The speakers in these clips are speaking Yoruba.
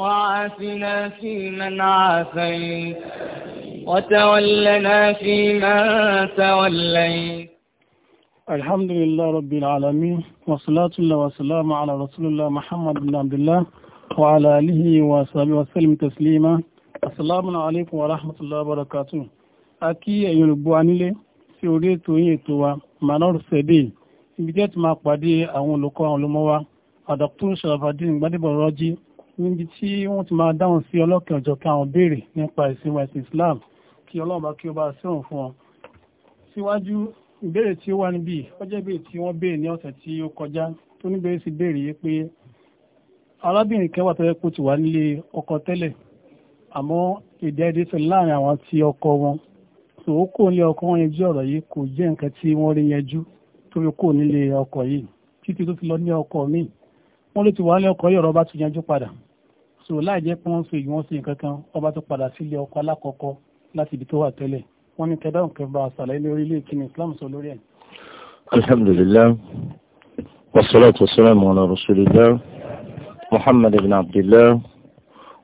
وعافنا من عافيت وتولنا في فيما توليت الحمد لله رب العالمين والصلاة الله والسلام على رسول الله محمد بن عبد الله وعلى آله وصحبه وسلم تسليما السلام عليكم ورحمة الله وبركاته akí ẹ̀yin olùgbọ́ anílé sí orí ètò yín ètò wa manor sede ibi jẹ́ ti máa pàdé àwọn olùkọ́ àwọn níbi tí wọ́n ti máa dáhùn sí ọlọ́kẹ̀ ọ̀jọ̀ káwọn béèrè nípa ìsìn west islam kí ọlọ́run bá kí ó bá sẹ́wọ̀n fún wọn. síwájú ìbéèrè tí ó wà níbí ó jẹ́ ìbéèrè tí wọ́n béèrè ní ọ̀sẹ̀ tí ó kọjá tó níbèrè sí béèrè yìí pé arábìnrin kẹwàá tó yẹ kó ti wà nílé ọkọ tẹ́lẹ̀ àmọ́ èdè èdè sọ láàrin àwọn tí ọkọ wọn tó ó kó nílé ọkọ wọn yanjú ọ̀rọ̀ yìí kò jẹ́ nǹkan tí wọ́n rí yanjú tó fi kó nílé ọkọ yìí títí tó fi lọ ní ọkọ míì wọ́n ló ti wà nílé ọkọ yìí ọ̀rọ̀ bá ti yanjú padà so láìjẹ́ pé wọ́n fi èyí wọ́n sí nǹkan kan ọba tó padà sílé ọkọ alákọ̀ọ́kọ́ láti ibi tó wà tẹ́lẹ̀ wọ́n ní kẹdà òǹkẹ́ bá ṣàlàyé lórí ilé ìkíni Islam sọ lórí ẹ̀. alhamdulillah wasalaatu wasalaamu ala rasulillah muhammad ibn abdillah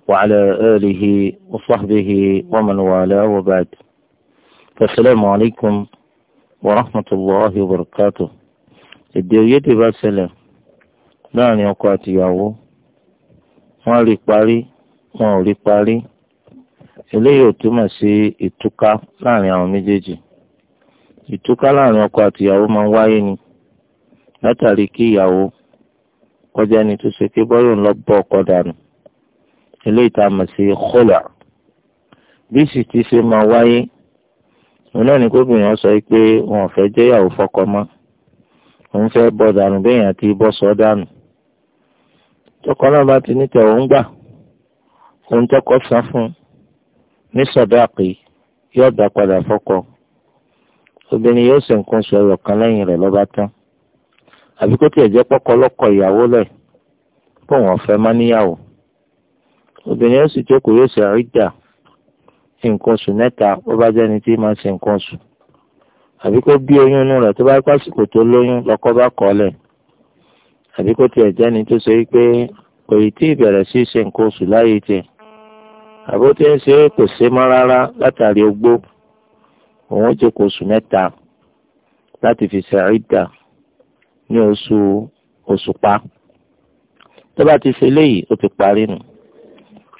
wa ala alihi wa sahbihi wa man wala wa baad wa rahmatulahi wa barakatuh èdè bá ṣẹlẹ̀ láàrin ọkọ àtìyàwó wọ́n rí parí wọn ò rí parí eléyìí ò túmọ̀ sí ìtúká láàrin àwọn méjèèjì ìtúká láàrin ọkọ àti ìyàwó máa ń wáyé ni látàrí kí ìyàwó kọjá ni tó ṣe pé bọ́yọ̀ ń lọ bọ́ ọkọ dànù eléyìí tá a mọ̀ sí khula bí sì ti ṣe máa wáyé òun náà ni kóbìnrin sọ pé wọn ò fẹ́ jẹ́ ìyàwó fọkọ mọ́ òun fẹ́ bọ́ dànù bẹ́ẹ̀ yẹn àti bọ́ sọ dànù tọkọ náà bá ti ní tẹ̀wọ́ ń gbà òun tọkọ san fún ní sọ̀dáàpì yóò dá padà fọ́kọ obìnrin yóò sì nǹkan oṣù ẹyọ kan lẹ́yìn rẹ̀ lọ́ba tán àbí kó tiẹ̀ jẹ́ pọ́kọ lọ́kọ ìyàwó lẹ̀ pé wọ́n fẹ́ má níyàwó obìnrin yóò sì jókòó yóò sì àrídà nǹkan oṣù mẹ́ta ó bá jẹ́ni tí máa ṣe nǹkan oṣù àbí kó bí oyún inú rẹ̀ tó bá pàṣípò tó lóyún lọ́kọ bá kọ́ lẹ̀ àbí kó tiẹ̀ jẹ́ni tó ṣe wípé kò ì tí ì bẹ̀rẹ̀ sí ṣe nǹkan oṣù láyé tiẹ̀ àbó tí ń ṣe kò ṣe mọ́ rárá látàrí ogbó òun ti kò oṣù mẹ́ta láti fi ṣe àrídà ní oṣù òṣùpá tó bá ti ṣe léyìí ó ti parí nù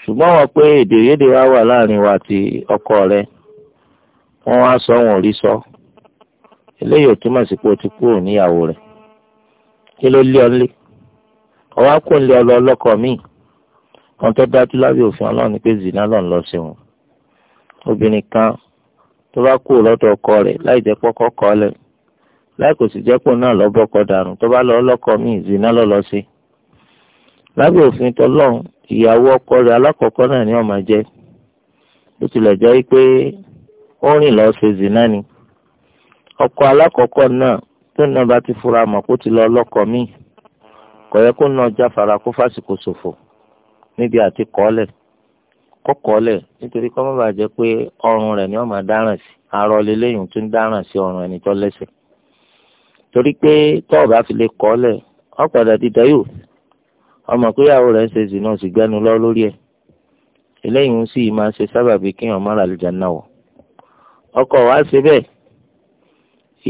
ṣùgbọ́n wọ́n pé èdè yédè wa wà láàrin wa àti ọkọ rẹ̀ wọ́n wá sọ wọn ò rí sọ eléyìí ò túmọ̀ sí pé o ti kúrò níyàwó rẹ̀ kí ló lé ọ lé ọwọ́ akóńlé ọlọ ọlọ́kọ míì kan tó dájú lábẹ́ òfin ọlọ́run ni pé zina lọ́n lọ sí wọn obìnrin kan tó bá kú lọ́dọ̀ ọkọ rẹ̀ láì jẹ́ pọ́kọ́ kọ́ lẹ̀ láì kò sì jẹ́ pò náà lọ́bọ̀kọ dànù tó bá lọ ọlọ́kọ míì zina lọ́ lọ sí lábẹ́ òfin tọ́lọ́run ìyàwó ọkọ rẹ̀ alákọ̀ọ́kọ́ náà ni ó máa jẹ́ bó tilẹ̀ jẹ́ pé ó rìn lọ ṣe zina ni ọkọ alákọ̀ọ́kọ́ náà tó náà bá ti fura mọ̀ kó ti lọ ọlọ́kọ míì kọ̀yẹ́ kó náà jáfara kó fásìkò ṣòfò níbi àti kọ́lẹ̀ kọ́kọ́lẹ̀ nítorí kọ́ máa bàjẹ́ pé ọrùn rẹ̀ ni wọ́n máa dáràn sí arọ lélẹ́yìn tó ń dáràn sí ọrùn ẹni tó lẹ́sẹ̀ torí pé tọ́ ọ̀bá fi lè kọ́lẹ̀ ọ̀padà dídá yóò ọmọ péyàwó rẹ̀ ń ṣe zì náà sì gbẹ́nu lọ lórí ẹ̀ eléyìí ń sì máa ṣe sábàbí kéèyàn má làlùjá náà wọ̀ ọkọ wa ṣe bẹ́ẹ̀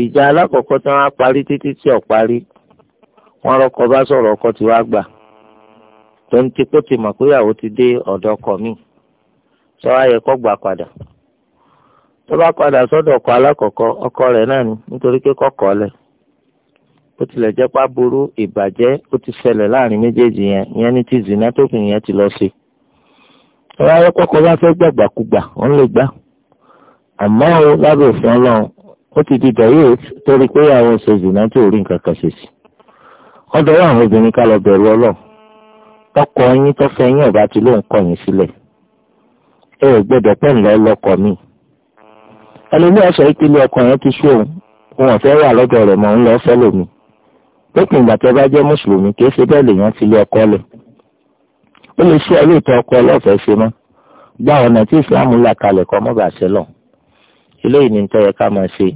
ìjà alákọ̀ọ́kọ́ tí wọ́n á parí títí tí ọ̀ parí wọn rọkọ bá sọrọ ọkọ tí wàá gbà tó ń tipó ti mọ̀ pé ti dé mi sọ ayẹ kọ́ gbà padà tó bá padà sọ́dọ̀ ọkọ ọkọ rẹ náà ni nítorí pé kọ́kọ́ lẹ̀ bó tilẹ̀ jẹ́ pá burú ìbàjẹ́ ó ti ṣẹlẹ̀ láàrin méjèèjì yẹn ìyẹn ní ti zina yẹn ti lọ sí bá fẹ́ gbàgbàkugbà lè gbà àmọ́ lábẹ́ òfin ọlọ́run ó ti ọ̀dọ̀ wa àwọn obìnrin ká lọ bẹ̀rù ọlọ ọkọ yín tó fẹ́ yín ọba tí ló ń kọ yín sílẹ̀ ẹ ò gbọ́dọ̀ pẹ ńlọ lọkọ mi ẹlòmíì ọsọ ìpínlẹ̀ ọkọ yẹn ti ṣó òun ọ̀fẹ́ wà lọ́dọ̀ rẹ̀ mọ ń lọ fẹ́ lómi lópin ìgbà tẹ́ bá jẹ́ mùsùlùmí kì í ṣe bẹ́ẹ̀ lèèyàn ti lé ọkọ lẹ̀ ó lè ṣe ẹlòtọ ọkọ ọlọfẹẹ ṣe mọ gba ọ̀nà tí islam là kalẹ̀ kọ́ mọ́ bàṣẹ lọ eléyìí ni ń tọ́ yẹ ká máa ṣe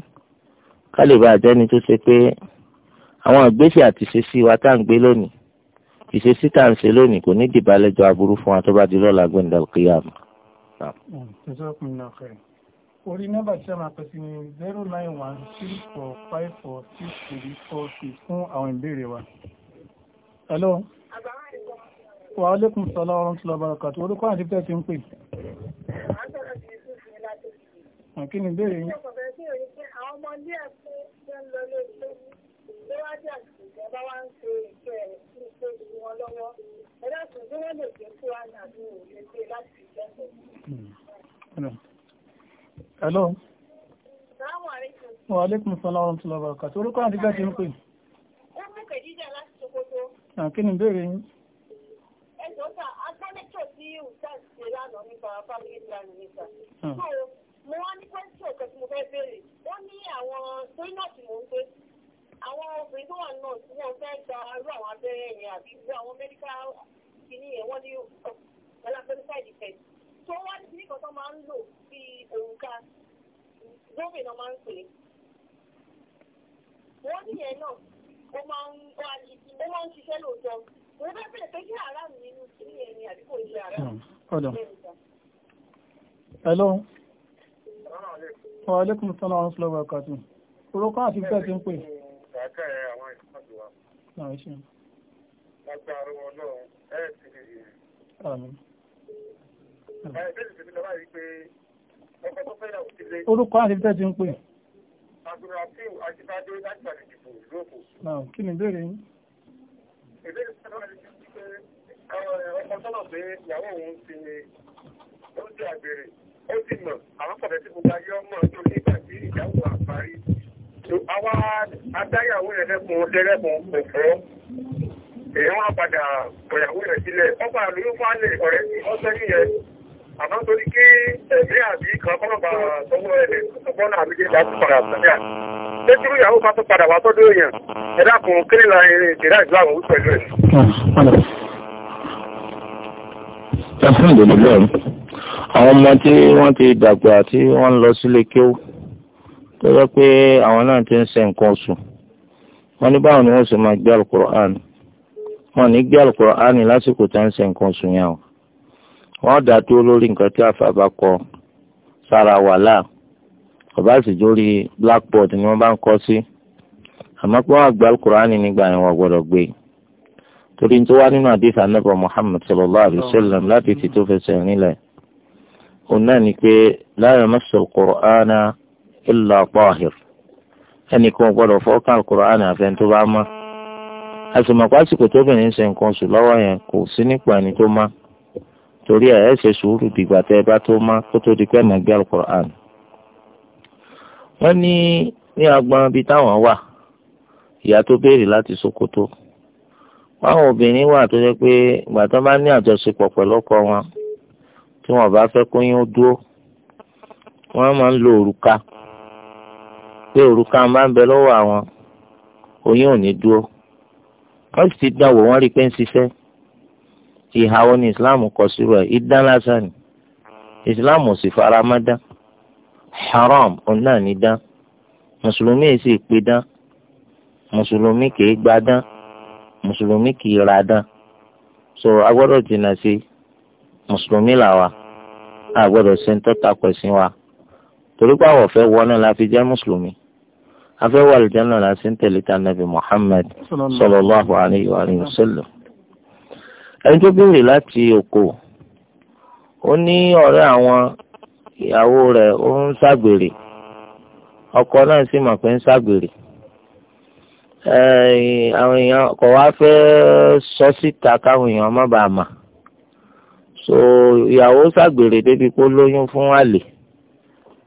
ká lè bá a jẹ́ni tó ṣe pé àwọn ìgbésẹ̀ àti ìṣesí wa tá à ń gbé lónìí ìṣesí tá à ń ṣe lónìí kò ní dìbàlẹ́jọ aburú fún wa tó bá di lọ́la gbẹ̀ndà kíyàmù. orí nọ́mbà tí a máa pèsè ní zero nine one three four five four six three four six fún àwọn ìbéèrè wa. hello. wa aleykum salaam wa rahmatulah barakatu orúkọ àti pẹ́ ti ń pè. kí ni ìbéèrè yín. àwọn ọmọdé ẹ̀kú ń lọ lórí tó wá jà ìjọba wá ń ṣe ìṣe rẹ̀ sí ìṣe ìlú wọn lọ́wọ́ ẹ̀dá tó bí wọ́n lè gbé tó wá ní àdúgbò lè gbé láti ìjẹ́sẹ̀. Hmm. Hello. Assalamu alaikum. Wa alaikum assalam wa rahmatullahi wa barakatuh. Orúkọ àti gbájú ń pè. Ó mú kẹ̀jíjà láti Sokoto. Kí ni ìbéèrè hmm. mo wá ní pẹ́ńtì ọ̀kan tí mo fẹ́ béèrè ó ní àwọn torí náà tí mò ń pé àwọn obìnrin tó náà tí wọ́n fẹ́ gba irú àwọn abẹ́rẹ́ yẹn àbí irú àwọn mẹ́díkà kìíní yẹn wọ́n ní ọ̀làfẹ́lẹ́ side effect tó wá ní kìíní kan tó máa ń lò bí òǹkà gómìn náà máa ń pè wọ́n ní yẹn náà ó máa ń ó máa ń ṣiṣẹ́ lóòótọ́ mo fẹ́ bẹ̀rẹ̀ pé kí àrà mi nínú kìíní yẹn ni àbí kò hmm, ní àrà Hello. Wa alaikum salaam wa rahmatullahi wa barakatuh. Orúkọ àti ìfẹ́ ti ń pè làákàyè àwọn ìfọ̀dù wa. Lágbára wọn náà ẹ̀ ti lè yèrè. Ẹ̀ bẹ́ẹ̀ sì ti lọ báyìí pé ọkọ̀ tó fẹ́ yà Orúkọ àti ti ń pè. Abdulrasim Ajibade láti Bàdàn ìdìbò lóko. Kí ni ìbéèrè yín? Ìbéèrè sí ọ̀rọ̀ yìí ti pé pé ìyàwó òun ti ní ó ti àgbèrè ó ti mọ̀ àwọn kọ̀dẹ̀ tí gbogbo ayé ọmọ tó ní ìgbà tí ìyàwó àparí àwọn adáyàwó rẹ̀ lẹ́kùn lẹ́lẹ́kùn òfin èyí wọ́n padà ọ̀yàwó rẹ̀ sílẹ̀ ọba lóyún fún alẹ́ ọ̀rẹ́ tí wọ́n sẹ́yìn yẹn àmọ́ torí kí ẹ̀mí àbí kan kọ́ bá sọ́wọ́ ẹ̀lẹ̀ ọgbọ́n àbí jẹ́ láti padà sọ́jà lẹ́tírú ìyàwó bá tó padà wá tọ́dọ̀ èèyàn ẹ̀dá kan kéré la irin ìdíra ìgbàwọ̀ wí pẹ̀lú ẹ̀. Alhamdulillah, àwọn ọmọ tí wọ́n ti dàgbà tí wọ́n lọ sílé kéwú tó yẹ pé àwọn náà ti ń ṣe nǹkan oṣù wọ́n ní báwọn ni wọ́n sì máa gbé alukur'an wọ́n ní gbé alukur'an lásìkò tá ń ṣe nǹkan oṣù yẹn o wọ́n dá dúró lórí nǹkan tí àfàbà kọ sára wàhálà ọba sì jórí blackboard ni wọ́n bá ń kọ sí àmọ́ pé wọ́n àgbà alukur'an nígbà yẹn wọ́n gbọ́dọ̀ gbé torí tó wá nínú àdéhà nàbà Muhammad sallallahu alayhi wa sallam láti ti tó fẹsẹ̀ nílẹ̀ òun náà ni pé la yamassu al-Qur'ana illa tahir ẹnìkan gbọ́dọ̀ fọ́ọ̀kan alukur'an àfẹn tó bá má àsìmọ̀pá àsìkò tóbìnrin ń ṣe nǹkan sùn lọ́wọ́ yẹn kò sí nípa ẹni tó má torí ẹ̀ ẹ́ ṣe sùúrù dìgbà tẹ́ ẹ bá tó má kó tó di pẹ́ nàgbé alukur'an. wọ́n ní ní agbọn bíi táwọn wà ìyá tó béèrè láti Sokoto báwọn obìnrin wà tó jẹ́ pé ìgbà tó bá ní àjọṣepọ̀ pẹ̀lú ọkọ wọn tí wọ́n bá fẹ́ kóyún dúró wọ́n máa ń lo òrùka pé òrùka máa ń bẹ lọ́wọ́ àwọn oyún ò ní dúró wọ́n sì ti dán wò wọ́n rí i pé ń ṣiṣẹ́ ìhàwọ́ ni islam kọ sírò ẹ̀ idán lásán ni islam ò sì fara mọ́ dán haram òun náà ní dán mùsùlùmí yìí sì pé dán mùsùlùmí kìí gba dán mùsùlùmí kìí ra dán so a gbọ́dọ̀ jìnnà sí mùsùlùmí làwà a gbọ́dọ̀ ṣe ń tọ́ta pẹ̀sìn wa torí pé àwọn ọ̀fẹ́ wọnà la fi jẹ́ mùsùlùmí afẹ́wọ́ àlùjáná la ṣe ń tẹ̀lé ta nàbì Muhammad sallallahu alayhi wa sallam. ẹni tó béèrè láti òkò ó ní ọ̀rẹ́ àwọn ìyàwó rẹ̀ ó ń ṣàgbèrè ọkọ náà sì mọ̀ pé ń ṣàgbèrè àwọn èèyàn kò wá fẹ́ sọ síta káwọn èèyàn má bàa mà so ìyàwó ṣàgbèrè débi kó lóyún fún àlè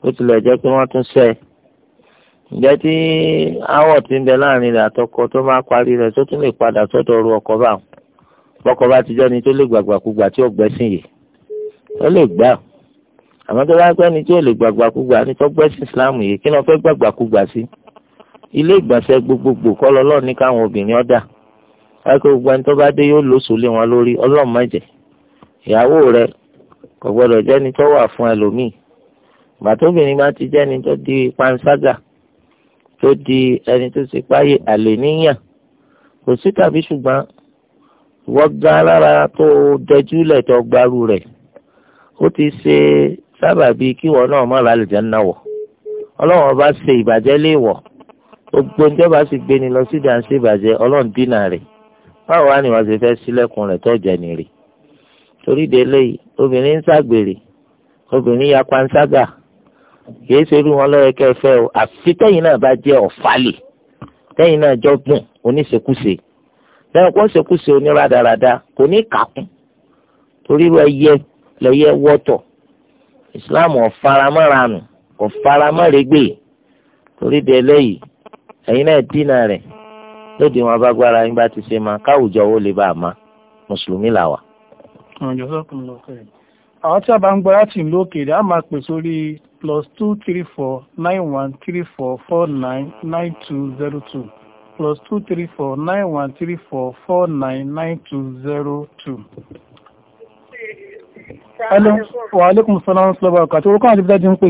ó tilẹ̀ jẹ́ pé wọ́n tún ṣẹ́ ẹ ǹjẹ́ tí awọ̀ ti ń bẹ láàrin rẹ̀ àtọkọ tó máa parí rẹ̀ tó tún lè padà sọ́dọ̀ ọ̀rọ̀ ọkọ bá wọn bọ́kọ bá ti jẹ́ni tó lè gbàgbàkúgbà tí ó gbẹ́sìn yìí ó lè gbà àmọ́ tó bá pẹ́ ni tí ó lè gbàgbàkúgbà ni tó gbẹ́sìn Islam yìí kí ni wọ́n fẹ́ gbàgbàkúgbà sí ilé ìgbọ̀nsẹ̀ gbogbogbò kọ́ lọ́lọ́ ní káwọn obìnrin ọ̀dà wáyé gbogbo ẹni tó bá di panṣágà tó di ẹni tó ṣe páyé àlè níyàn kò sí tàbí ṣùgbọ́n wọ́n gan lára tó dẹjú lẹ̀ tó gbarú rẹ̀ ó ti ṣe sábàbí kí wọn náà má ra àlùjánnà wọ̀ ọlọ́run ọba ṣe ìbàjẹ́ léèwọ̀ gbogbo ìjọba sì gbé ni lọ sí ìdánsẹ́ ìbàjẹ́ ọlọ́run dínà rẹ̀ báwo wá ni wọ́n ṣe fẹ́ sílẹ̀kùn rẹ̀ tọ́jà nìrè torí délé obìnrin ń ṣàgbèrè obìnrin yapa ń ságà kìí ṣe irú wọn lọ́yẹ̀ kẹfẹ́ o àfi tẹ́yìn náà bá jẹ́ ọ̀fàlì tẹ́yìn náà jọ gbọ̀n oníṣekúṣe lẹ́yìn kó ṣekúṣe oníradàradà kò ní kàkún torí irú ẹyẹ lẹ́yẹ wọ́tọ̀ ìsìláàmù ọ̀faramọ́ranù ọ̀faramọ́rẹ́gbè torí de eléyìí ẹ̀yin náà dínà rẹ̀ lóde wọn bá gbára yín bá ti ṣe máa káwùjọ owó lè bá a máa mùsùlùmí là wà. àwọn tí a bá ń gbọ́ láti ìlú òkèèrè á máa pè sórí plus two three four nine one three four four nine nine two zero two plus two three four nine one three four four nine nine two zero two. Hello, wa alaikum salam wa rahmatullahi àti orúkọ àti bíjá ti ń pè.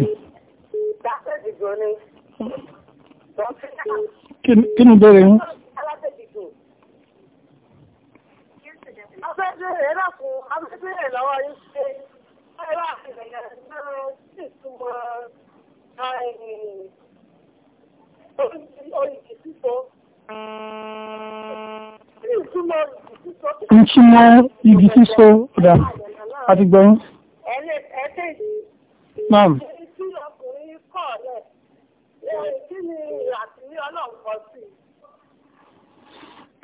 Kí ni ìbéèrè yín? Afẹ́bẹ̀rẹ̀ lọ́wọ́ yín àwọn oríṣi sísọ. Ìtumọ̀ igi sísọ ọ̀dà àti gbọ́n. Mam. Kí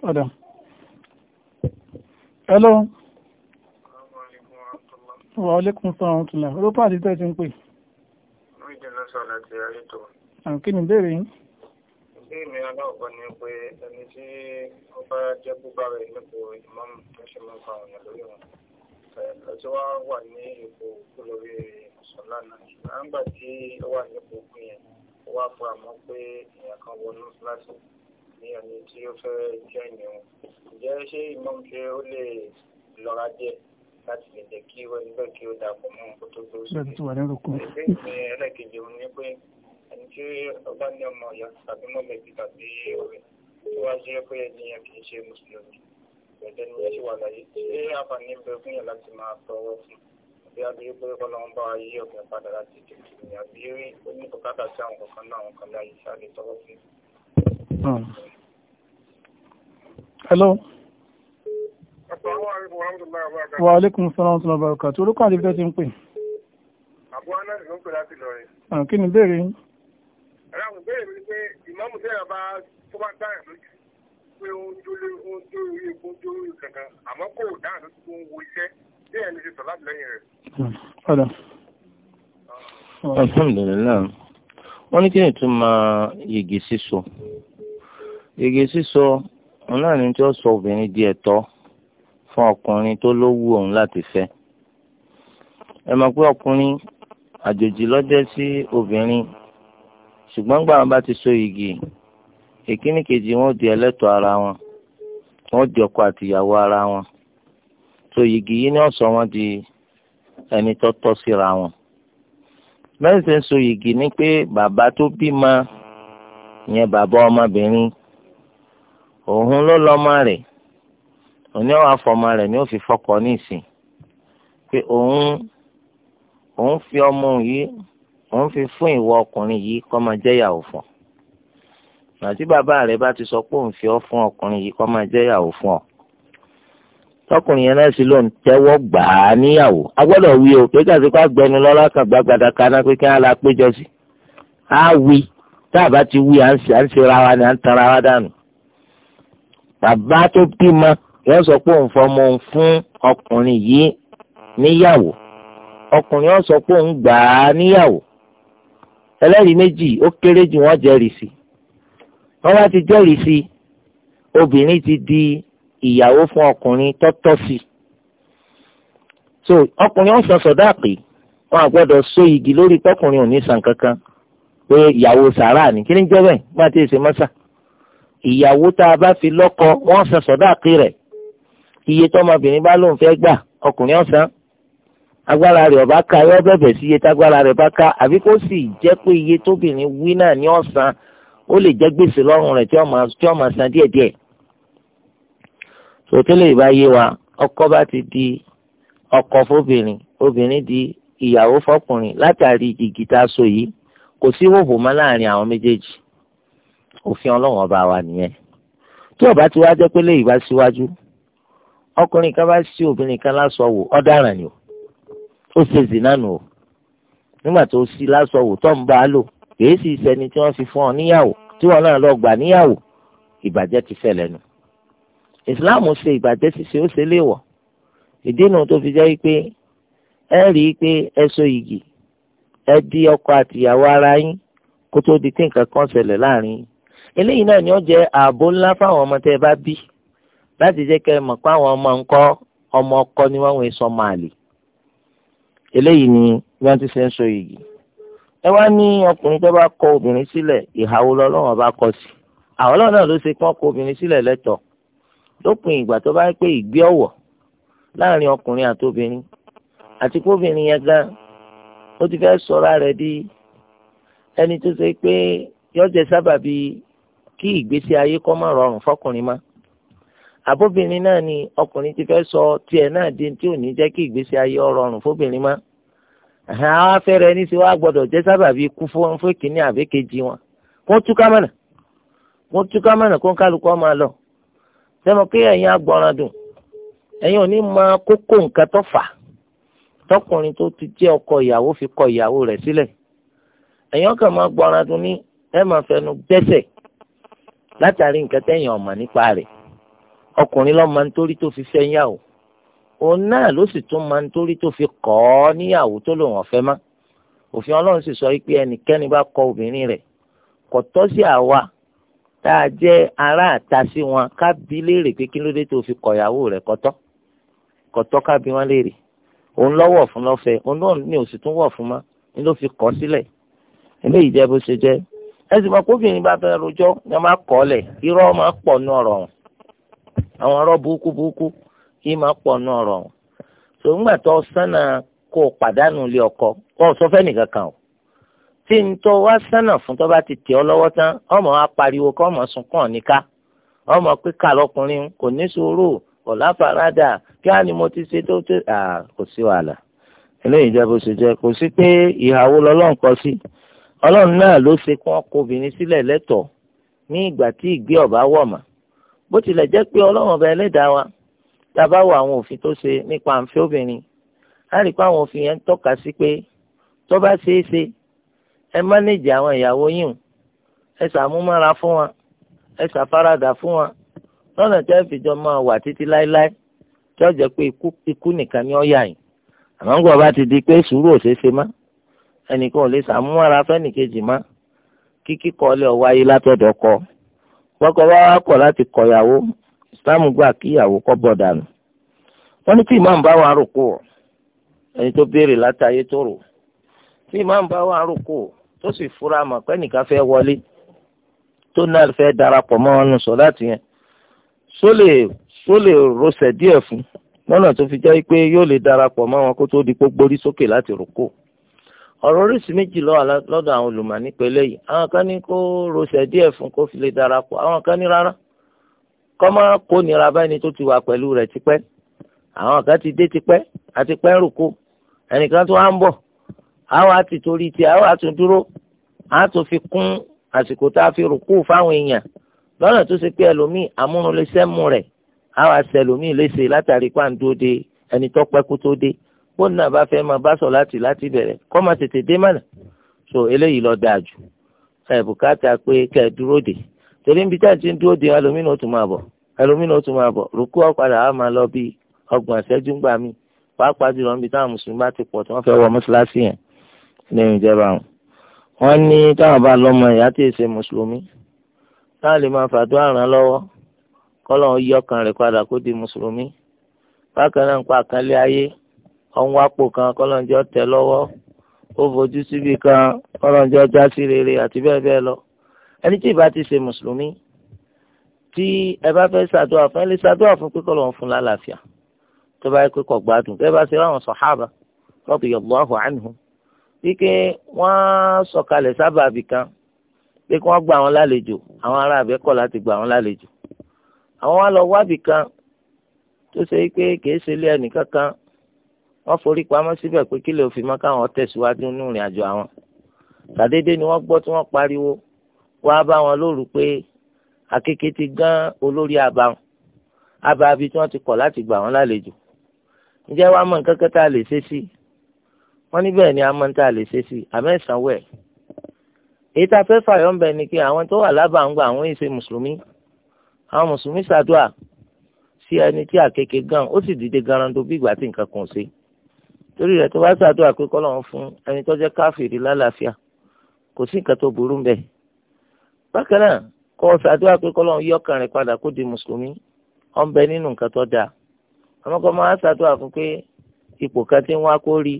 Ọ̀dà. Hello. Wa alaikum salaam wa rahmatullah. Rọ́pàá àti tẹ́ ti ń pè ìdènà sọ̀rọ̀ àti àyètò. kí ni ìbéèrè yín. ìbéèrè mi aláwọ̀kọ́ ni pé ẹni tí ó bá jẹ́ búbá rẹ̀ nípò ìmọ̀mù tó ṣe mọ́ fa ọ̀nà lórí wọn. ẹ̀ka tí wọ́n wà ní ipò òkú lórí sọ̀lá náà ṣùgbọ́n nígbà tí ó wà ní ipò òkú yẹn ó wá fura mọ́ pé èèyàn kan wọnú kíláàsì ní ẹni tí ó fẹ́ jẹ́ ìyẹn ǹjẹ́ ṣé ìmọ̀mù ṣe ó lè lọ́ra díẹ̀ láti lè jẹ́ kí ẹni bẹ́ẹ̀ kí ó dà pọ̀ mọ́ nǹkan tó tó sókè. ẹgbẹ́ ẹlẹ́kejì òun ni pé ẹni tí ọba ní ọmọ ọ̀yà tàbí mọ́lẹ̀bí tàbí ọ̀rẹ́ tó wá jẹ́ pé ẹni yẹn kì í ṣe mùsùlùmí ẹ̀jẹ̀ ni ẹ ṣì wà láyé ṣé àǹfààní ń bẹ fún yàn láti máa tọrọ fún bí a bíi pé ọlọ́run bá yí ọ̀gbìn padà láti tètè ní àbí oníbùkátà sí Hello. Wa alaikum salaam wa barakatuh. Orúkọ àti ìfẹ́ ti ń pè. Àbú Anásì ló ń pè láti Ìlọrin. Àwọn kí ni béèrè yín? Ẹ̀rọ àwọn béèrè mi ni pé ìmáàmù tẹ́yà bá tó bá dáyà lójú pé ó ń jó ó ń jó orí epo jó orí kankan àmọ́ kò dáhà ló ti ń wo iṣẹ́ bí ẹni ti sọ láti lẹ́yìn rẹ̀. Padà. Alhamdulillah. Wọ́n ní kí ni tún máa yege sísọ. Yege sísọ, òun ni tí ó sọ obìnrin di ẹ̀tọ́ fún ọkùnrin tó lówù òun láti fẹ́ ẹ mọ̀ pé ọkùnrin àjòjì lọ́jẹ́ sí obìnrin ṣùgbọ́n gbà wọn bá ti so igi èkíní kejì wọn di ẹlẹ́tọ̀ ara wọn wọn di ọkọ àtìyàwó ara wọn so igi yìí ni ọ̀sán wọn di ẹni tọ́tọ́ síra wọn mẹ́sẹ̀ ń so igi ni pé bàbá tó bímọ ìyẹn bàbá ọmọbìnrin òun ló lọ́mọ rẹ̀ òní àwọn afọmọ rẹ̀ ni ó fi fọkọ ní ìsìn pé òun òun fi ọmọ yìí òun fi fún ìwọ ọkùnrin yìí kó máa jẹ́yàwó fún ọ àti bàbá rẹ̀ bá ti sọ pé òun fi ọ fún ọkùnrin yìí kó máa jẹ́yàwó fún ọ tọkùnrin yẹn náà sì ló ń tẹ́wọ́ gbà á níyàwó a gbọ́dọ̀ wí o pé kàṣí kó agbẹnu lọ́lá kan gbàgbàdà kaná pé kí á la péjọ sí á wí tá a bá ti wí à ń ṣe ra wa ni à ń tan ra wa dànù bàbá tó bímọ yóò sọ pé òun fọmọ òun fún ọkùnrin yìí níyàwó ọkùnrin yóò sọ pé òun gbà á níyàwó ẹlẹ́rìí méjì ó kéré jù wọ́n jẹ́rìí sí wọ́n bá ti jẹ́rìí sí obìnrin ti di ìyàwó fún ọkùnrin tọ́tọ́ sí so ọkùnrin ó san sọdáàpì wọn àgbọ́dọ̀ so igi lórí tọkùnrin ò ní san kankan pé ìyàwó sàrà ni kí ni jẹ́ bẹ́ẹ̀ má ti ṣe mọ́sà ìyàwó tá a bá fi lọ́kọ wọ́n san sọdáàpì rẹ̀ iye tọmọbìnrin bá lóun fẹ́ gbà ọkùnrin ọ̀sán agbára rẹ̀ ọba ká yọ bẹ̀bẹ̀ sí iye tágbára rẹ̀ bá ká àbí kó sì jẹ́ pé iye tóbìnrin wí náà ní ọ̀sán ó lè jẹ́ gbèsè lọ́rùn rẹ̀ tí ó máa san díẹ̀díẹ̀. sòtẹ́lẹ̀ ìbá yé wa ọkọ bá ti di ọkọ fóbìnrin obìnrin di ìyàwó fọkùnrin látàrí igi tá a so yìí kò sí hòhò mọ́ láàrin àwọn méjèèjì òfin ọlọ́run ọba wa nìyẹn tí ọba ti wá jẹ́ pé lè ìbá síwájú ọkùnrin kan bá sí obìnrin kan lásọ wò ọ̀daràn ni o ó ṣe zina nù o nígbà tó sí lásọ wò tó ń bá a lò kìí sì sẹni tí wọ́n fi fún ọ níyàwó tí wọ́n náà lọ gbà níyàwó ìbàjẹ́ ti fẹ́ lẹ́nu islam ṣe ìbàjẹ́ ṣíṣe ó ṣe léèwọ̀ ìdí nu tó fi jẹ́ pé ẹ rí i pé ẹ so igi ẹ di ọkọ àtìyàwó ara yín kó tó di tí nǹkan kan ṣẹlẹ̀ láàrin yín eléyìí náà ni ó jẹ́ ààbò ńlá fáwọn ọmọ tẹ́ ẹ bá bí láti jẹ́ kẹ́ mọ̀ pé àwọn ọmọ ńkọ́ ọmọ ọkọ ni wọ́n ń sọ màálì eléyìí ni wọ́n ti ṣe ń sọ yìí ẹ wá ní ọkùnrin tó bá kọ obìnrin sílẹ̀ ìhàwó lọ́lọ́wọ́n bá kọ sí àwọn ọlọ́run náà ló ṣe pọ́n kọ obìnrin sílẹ̀ lẹ́tọ̀ lópin ìgbà tó bá pé ìgbé ọ̀wọ̀ láàrin ọkùnrin àti àti kóbìnrin yẹn gan ó ti fẹ́ sọra rẹ̀ di ẹni tó ṣe pé yọjẹ sábàbí kí ìgbésí ayé kọ́ má rọrùn fọkùnrin máa àbóbìnrin náà ni ọkùnrin ti fẹ́ sọ tiẹ̀ náà di tí ò ní jẹ́ kí ìgbésí ayé ọrọ̀rùn fóbìnrin má àwọn afẹ́rẹ́ ní wa gbọ́dọ̀ jẹ́ sábàbí ikú fún fúnkìnní àbẹ́kejì wọn wọ́n túká mọ̀nà wọ́n túká mọ̀nà kó ń kálukú máa lọ sẹ́mo kí ẹ̀yin agbọ̀ràn dùn ẹ̀yin ò ní máa kókó nǹkan tó fà tọkùnrin ti jẹ́ ọkọ ìyàwó fi kọ ìyàwó rẹ̀ sílẹ̀ ẹ̀yin ọkàn dùn ní ẹ̀ máa fẹnu ọkùnrin ló máa ń torí tó fi fẹ́ yàwó òun náà ló sì tún máa ń torí tó fi kọ̀ ọ́ níyàwó tó lò wọ́n fẹ́ má òfin ọlọ́run sì sọ pé ẹnikẹ́ni bá kọ obìnrin rẹ̀ kò tọ́ sí àwa tá a jẹ́ ará àta sí wọn ká bi léèrè pé kí ló dé tó fi kọ ìyàwó rẹ̀ kò tọ́ ká bi wọ́n léèrè òun lọ́wọ́ fún lọ́fẹ̀ẹ́ òun náà ni òsì tún wọ̀ fún má ni ló fi kọ̀ sílẹ̀ eléyìí jẹ́ bó ṣe jẹ́ ẹ sì mọ̀ kóbìnrin bá fẹ́ rojọ́ ni wọ́n máa kọ́ lẹ̀ irọ́ máa pọ̀ nú ọ̀rọ̀ ọ̀hún àwọn ọ̀rọ̀ burúkú burúkú yìí máa pọ̀ nù ọ̀rọ̀ wọn. sòǹgbà tó sánà kó o pàdánù ilé ọkọ kó o sọ fẹ́ nìkan kan o. tí n tó wá sánà fún tó bá ti tẹ̀ ọ́ lọ́wọ́ tán ọmọ wa pariwo kọ́ ọmọ sunkún ọ̀nìká ọmọ píkà lọkùnrin kò ní sùúrù kò láfaradà kí á ni mo ti ṣe tó tó kò sí wàhálà. eléyìí jẹ́ bó ṣe jẹ́ kò sí pé ìhàwó lọ́lọ́run kọ sí ọlọ́run náà ló ṣe kí wọ́n kó obìnrin sílẹ̀ lẹ́tọ̀ọ́ ní ìgbà tí ìgbé ọ̀bá wọ̀ mà bó tilẹ̀ jẹ́ pé ọlọ́run ọba ẹlẹ́dàá wa tá a bá wo àwọn òfin tó ṣe nípa àǹfẹ́ obìnrin á rí i pé àwọn òfin yẹn ń tọ́ka sí pé tó bá ṣeé ṣe ẹ mánéjì àwọn ìyàwó yìí ẹ ṣàmúmọ́ra fún wọn ẹ ṣàfaradà fún wọn lọ́nà tí ẹ fi jọ máa wà títí láéláé tí ó jẹ́ pé ikú nìkan ni ó yà yín àmọ́ ń gbọ́ bá ti di pé sùúrù ò ṣeé ṣe má ẹnìkan ò lè ṣàmúmọ́ra fẹ́nìkejì má kíkíkọ́ ọ wọ́kọ̀ wá kọ̀ láti kọ̀yàwó islam gbà kíyàwó kọ́ bọ̀ dànù wọ́n ní tí ìmáàmù bá wà rúkú ẹni tó béèrè látàyé tó rò tí ìmáàmù bá wà rúkú tó sì fura mọ̀ pé nìkan fẹ́ wọlé tó náà fẹ́ darapọ̀ mọ́ wọn sọ láti yẹn só lè só díẹ̀ fún lọ́nà tó fi jẹ́ pé yóò lè darapọ̀ mọ́ wọn kó tó di pé gbórí sókè láti rúkú ọ̀rọ̀ oríṣi méjì ló wà lọ́dọ̀ àwọn olùmọ̀ nípa eléyìí àwọn kan ní kó rọṣẹ̀ díẹ̀ fún kó fi lè darapọ̀ àwọn kan ní rárá kọ́ máa kó nira báyìí ni tó ti wà pẹ̀lú rẹ̀ tipẹ́ àwọn kan ti dé tipẹ́ àti pẹ́ rùkú ẹnìkan tó wá ń bọ̀ àwọn àti torí ti àwọn àtún dúró àtún fi kún àsìkò tá a fi rùkú fáwọn èèyàn lọ́nà tó ṣe pé ẹlòmíì amúnulẹ́sẹ̀mú rẹ̀ àwọn àṣẹ ẹlòmíì léṣe látàrí pàǹdó de ẹni tó pẹ́ tó dé bóun náà bá fẹ́ máa bá sọ láti láti bẹ̀rẹ̀ kọ́ máa tètè dé mọ̀nà so eléyìí lọ dáa jù ẹ bùkátà pé kẹ́ ẹ dúró dè torí níbi tá à ń ti dúró dè ẹlòmínú tún máa bọ̀ ẹlòmínú tún máa bọ̀ rúkú ọ̀padà á máa lọ bí ọgbọ̀n ìṣẹ́jú gbà mí pàápàá jùlọ níbi táwọn mùsùlùmí bá ti pọ̀ tí wọ́n fẹ́ wọ mọ́ṣáláṣí yẹn lẹ́yìn ìjẹba wọn. wọ́n ní táwọn bá lọ́mọ ìyá tí ì ṣe mùsùlùmí táwọn lè máa fàdúrà ràn lọ́wọ́ kọ́lọ́ọ̀ yọkàn rẹ̀ padà kó di mùsùlùmí bákan náà ń pa àkànlé ayé ọ̀hún wápò kan kọ́lọ́njọ́ tẹ̀ lọ́wọ́ ó fojú síbi kan kọ́lọ́njọ́ já sí rere àti bẹ́ẹ̀ bẹ́ẹ̀ lọ ẹni tí ìbá ti ṣe mùsùlùmí tí ẹ bá fẹ́ ṣàdúrà fún ẹ lè ṣàdúrà fún pé kọ́lọ́n fún lálàáfíà tó bá yẹ pé kọ̀ gbádùn kẹ́ bá ṣe láwọn sàhábà radiyallahu anhum wíkẹ́ wọ́n sọ̀kalẹ̀ sábàbí kan pé kí wọ́n gba àwọn lálejò àwọn ará àbẹ́kọ̀ láti gba àwọn lálejò àwọn wá lọ wábì kan tó ṣe pé kìí ṣe ilé ẹnìkankan wọ́n forí pamọ́ síbẹ̀ pé kílẹ̀ òfin mọ́ káwọn tẹ̀síwájú nínú ìrìn àjò àwọn sàdédé ni wọ́n gbọ́ tí wọ́n pariwo wọ́n á bá wọn lóru pé akéké ti gán olórí àbá wọn àbá abi tí wọ́n ti kọ̀ láti gbà wọ́n lálejò ǹjẹ́ wàá mọ nǹkan kẹta lè ṣe sí wọ́n níbẹ̀ ni a mọ nǹkan lè ṣe sí àmẹ́sàn-án wẹ̀ èyí tá a fẹ́ fàyọ̀ ń bẹ ni pé àwọn tó wà lábàǹgbà àwọn èsè mùsùlùmí àwọn mùsùlùmí ṣàdúà sí ẹni tí akéké gán ó sì dìde garando bí ìgbà tí nǹkan kan ṣe torí rẹ̀ tó bá ṣàdúrà pé kọ́lọ́run fún ẹni tó jẹ́ káfíìrì lálàáfíà kò sí nǹkan tó burú ń bẹ̀. bákan náà kọ́ ọ ṣàdúrà pé kọ́lọ́run yí ọkàn rẹ̀ padà kó di mùsùlùmí ọ̀ ń bẹ nínú nǹkan tó dáa. àmọ́ kọ́ máa ṣàdúrà fún pé ipò kan ti ń wá kó rí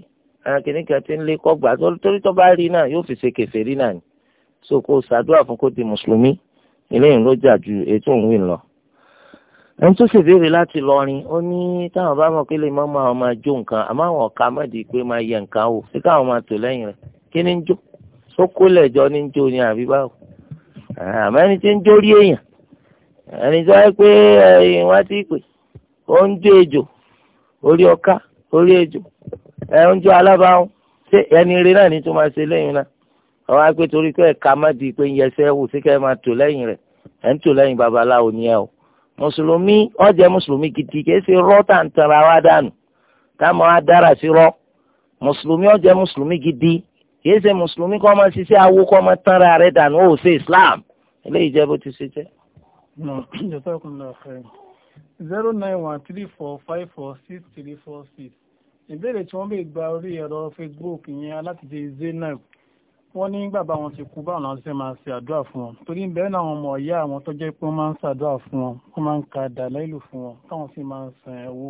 àwọn kìnnì kan ti ń lé kọ́ torí tó bá rí náà yóò fi ṣe kèfèrí náà ni. so kó ṣàdúrà fún kó di mùsùlùmí eléyìí ló jà ju ètò òun lọ ẹni tó ṣèbéèrè láti lọrin ó ní táwọn bá mọ̀ pé lè má máa máa jó nǹkan àmọ́ àwọn ọ̀ka mọ̀dì pé máa yẹ nǹkan wò sí káwọn máa tò lẹ́yìn rẹ̀ kí ni ń jó sókó lẹ̀jọ́ ní ń jó ni àbí báwo àmọ́ ẹni tí ń jó rí èèyàn ẹni tó yẹ pé ẹ̀yìn wá ti pè ó ń jó ejò orí ọ̀ka orí ejò ẹ̀ ń jó alábàáhùn ṣé ẹni eré náà ní tó máa ṣe lẹ́yìn náà àwọn á pé torí pé ẹ̀ka mọ̀dì pé ń mùsùlùmí ó jẹ́ mùsùlùmí gidi kìí ṣe rọ́ tá à ń tanra wa dànù táwọn á dára sí rọ́ mùsùlùmí ó jẹ́ mùsùlùmí gidi kìí ṣe mùsùlùmí kọ́ máa ṣiṣẹ́ awo kọ́ máa tanra rẹ̀ dànù ó ṣe Islam eléyìí jẹ́ bó ti ṣe jẹ́. zero nine one three four five four six three four six ìbéèrè tí wọ́n bè gba orí ẹ̀rọ Facebook yẹn alátìjẹ́ Zainab wọ́n ní bàbá wọn ti kú báwọn láti fẹ́ máa ṣe àdúrà fún wọn torí bẹ́ẹ̀ náà àwọn ọmọ ìyá àwọn tó jẹ́ pé wọ́n máa ń ṣàdúrà fún wọn wọ́n máa ń ka dàláìlù fún wọn táwọn sì máa ń san owó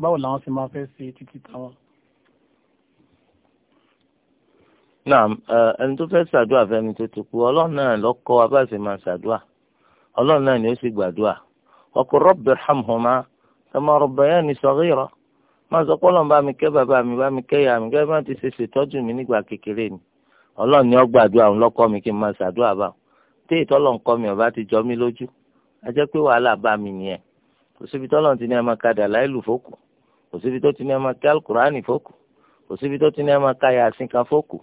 báwo làwọn sì máa fẹ́ ṣe títí táwọn. náà ẹni tó fẹ́ ṣàdúrà fẹ́ni tó ti kú ọlọ́run náà lọ́kọ́ abáṣe máa ṣàdúrà ọlọ́run náà ni ó sì gbàdúrà ọkọ̀ rabbirhamhuma kama rabbayani saghira máa sọ pé ọlọ́run ọlọ́run ni ó gbàdúrà òun lọ́kọ́ mi kí n máa ṣàdúrà bá tí ìtọ́lọ̀ ń kọ́ mi ọba ti jọ mí lójú a jẹ́ pé wàhálà bá mi nìyẹn kò síbi tọ́lọ̀ ti ní ẹ máa ka dàláìlù fókù kò síbi tó ti ní ẹ máa ka alukurani fókù kò síbi tó ti ní ẹ máa ka yasin kan fókù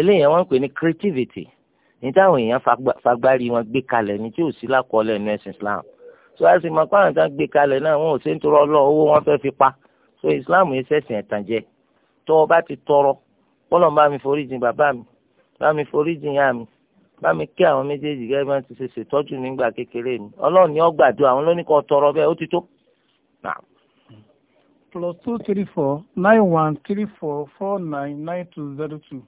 eléyìí wọ́n ń pè ní creativity ní táwọn èèyàn fagbárí wọn gbé kalẹ̀ ní tí ò sí lákọọ́lẹ̀ ní ẹ̀sìn Islam so a sì máa pa àwọn tá gbé kalẹ̀ náà wọn ò sí ń tọrọ ọlọ́ owó wọn fẹ́ fi pa so Islam yìí sẹ̀sìn ẹ̀tàn jẹ tó o bá ti tọrọ kọ́lọ́n bá mi forí jìn bàbá mi bá mi forí jìn yá mi bá mi kí àwọn méjèèjì gẹ́gẹ́ bá ti ṣe ṣètọ́jú nígbà kékeré mi ọlọ́run ni ó gbàdúrà àwọn lóní tọrọ bẹ́ẹ̀ ó ti tó. plus two three four nine one three four four nine nine two zero two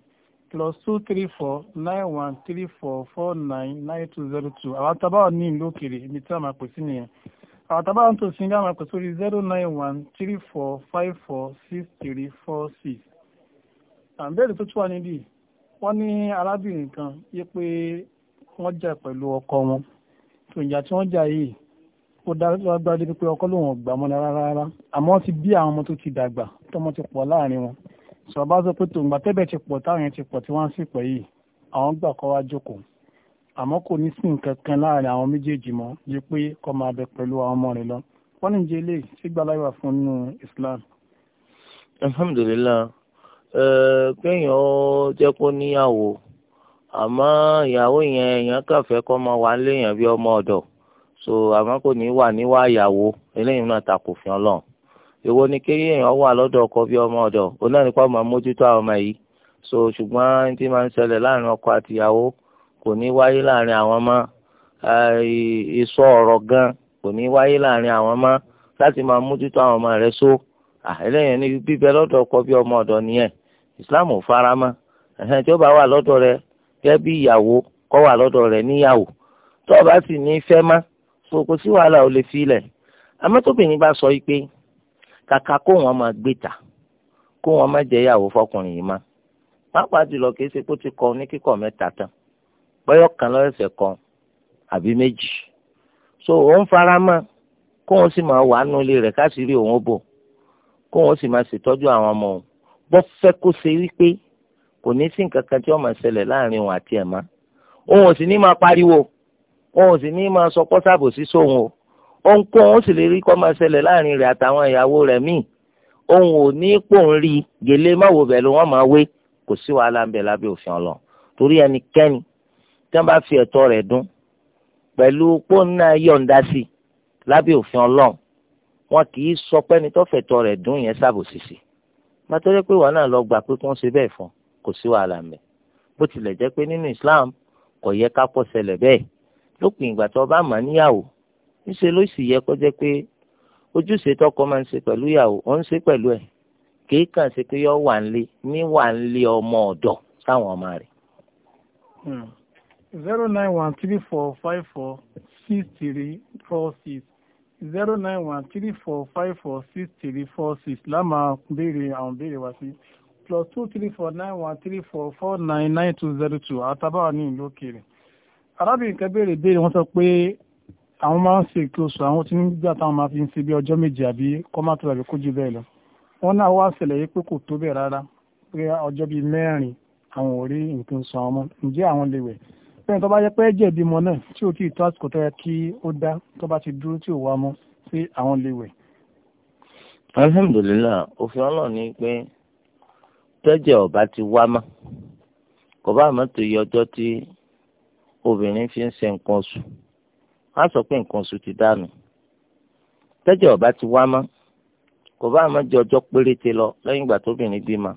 plus two three four nine one three four four nine nine two zero two àwọn tábàá ní ìlú òkèèrè ibi tí a máa pè sí nìyẹn àwọn tábàá tó sí ní pè sórí zero nine one three four five four six three four six àǹbẹ̀rẹ̀ tó tún wà níbí wọ́n ní arábìnrin kan yí pé wọ́n jà pẹ̀lú ọkọ wọn tó ìjà tí wọ́n jà yìí ó dágbára débi pé ọkọ lòun ò gbà mọ́ni rárá rárá àmọ́ wọ́n ti bí àwọn ọmọ tó ti dàgbà tọ́mọ ti pọ̀ láàrin wọn sọ̀rọ̀bá sọ pé tòǹgbà tẹ́bẹ̀ ti pọ̀ táwọn yẹn ti pọ̀ tí wọ́n ń sìpẹ́ yìí àwọn gbà kọ́ wá jókòó àmọ́ kò ní sí nǹkan kan láàrin àwọn méjèèjì mọ́ yí pé kọ́ máa bẹ pẹ̀lú àwọn ọmọ rẹ̀ lọ wọ́n ní jẹ́ ilé sígbà láyọ̀ fún nínú Islam. alhamdulilayi Eh, kéèyàn ó jẹ́ kó níyàwó àmọ́ ìyàwó yẹn èèyàn kàn fẹ́ kọ́ máa wà léèyàn bí ọmọ ọ̀dọ̀ so àmọ́ kò ní wà níwá ìyàwó eléyìí náà ta kò fi ọlọ́run èwo ni kéèyàn wà lọ́dọ̀ ọkọ bí ọmọ ọ̀dọ̀ òun náà nípa máa mójútó àwọn ọmọ yìí so ṣùgbọ́n tí máa ń ṣẹlẹ̀ láàrin ọkọ àti ìyàwó kò ní wáyé láàrin àwọn ọmọ eh, ìsọ ọ̀rọ̀ gan kò ní wáyé láàrin àwọn ọmọ láti máa mójútó àwọn ọmọ rẹ̀ so ah, eléyìí ní bíbẹ lọ́dọ̀ ọkọ bí ọmọ ọ̀dọ̀ nìyẹn islam ò fara mọ́ ẹ̀hẹ́n tí ó bá wà lọ́dọ̀ rẹ gẹ́gẹ́ bí ìyàwó kó wà lọ́dọ̀ rẹ níyàwó tó o bá sì ní fẹ́ má so kò sí wàhálà ò lè fi ilẹ̀ amẹ́tòbìnrin bá sọ pé kàkà kó wọn máa gbé ta kó wọn máa jẹ ìyàwó fọkùnrin yìí má pápá jùlọ kì í ṣe kó ti kọ ní kíkọ̀ mẹ́ta tán bọ́yọ̀ kan lọ́sẹ̀ kan àbí méjì so òun fara mọ́ kó wọn sì máa wà nulẹ̀ rẹ̀ káṣírí òun bò kó wọn sì máa ṣètọ́jú àwọn ọmọ òun bó fẹ́ kó ṣe wípé kò ní sí nǹkan kan tí ó máa ṣẹlẹ̀ láàrin òun àti ẹ̀ má òun ò sì ní máa pariwo òun ò sì ní máa sọ pọ́sàbò sí sóhun o òun kó òun sì lè rí kó máa ṣẹlẹ̀ láàrin rẹ̀ àtàwọn ìyàwó rẹ̀ míì òun ò ní pò gèlè máwo bẹ̀ ló wọ́n máa wé kò sí wàhálà ń bẹ lábẹ́ òfin ọlọ́run torí ẹnikẹ́ni tí wọ́n bá fi ẹ̀tọ́ rẹ̀ dún pẹ̀lú pọ́nà yọ̀ǹda sí lábẹ́ òfin ọlọ́run wọn kì í sọ pẹ́ni tó fẹ̀tọ́ rẹ̀ dún yẹn sábòsìsì gbàtọ́ jẹ́ pé wà náà lọ gbà pé kí wọ́n ṣe bẹ́ẹ̀ fún kò sí wàhálà mẹ́ bó tilẹ̀ jẹ́ pé nínú Islam kò yẹ ká pọ̀ ṣẹlẹ̀ bẹ́ẹ̀ lópin ìgbà tó bá mà níyàwó níṣẹ́ ló sì yẹ kó jẹ́ pé ojúṣe tọkọ máa ń ṣe pẹ̀lú ìyàwó ó ń ṣe pẹ̀lú ẹ̀ kìí kàn ṣe pé yọ wà ń ní wà ń ọmọ ọ̀dọ̀ sáwọn ọmọ rẹ̀. Hmm. zero nine one three four five four six three four six. zero nine one three four five four six three four six la máa béèrè àwọn béèrè wá sí plus two three four nine one three four four nine nine two zero two àtàbáwá ní ìlú òkèèrè. arábìnrin kan béèrè béèrè wọn sọ pé àwọn máa ń ṣe ìkóso àwọn tí nígbà táwọn máa fi ń ṣe bí ọjọ́ méje àbí kọ́mátò àbí kójú bẹ́ẹ̀ lọ. wọ́n náà wá ṣẹlẹ̀ yìí pé kò tó bẹ́ẹ̀ rárá pé ọjọ́ bíi mẹ́rin àwọn ò rí nǹkan sọ àwọn ọmọ ǹjẹ́ àwọn lè wẹ̀ fẹ́ni tó bá yẹ pé jẹ̀bi mọ náà tí ò tí tó àsìkò tó yẹ kí ó dá tó bá ti dúró tí ò wá mọ́ sí àwọn lè alhamdulilayi òfin ọlọ́run ni pé tẹ́jẹ̀ ọ̀bá ti wá mọ́ kò bá àmọ́ tó yẹ ọjọ́ tí obìnrin fi ń ṣe nǹkan oṣù á sọ pé nǹkan oṣù ti dànù tẹ́jẹ̀ ọ̀bá ti wá mọ́ kò bá àmọ́ jẹ ọjọ́ péréte lọ lẹ́yìn ìgbà tóbìnrin bímọ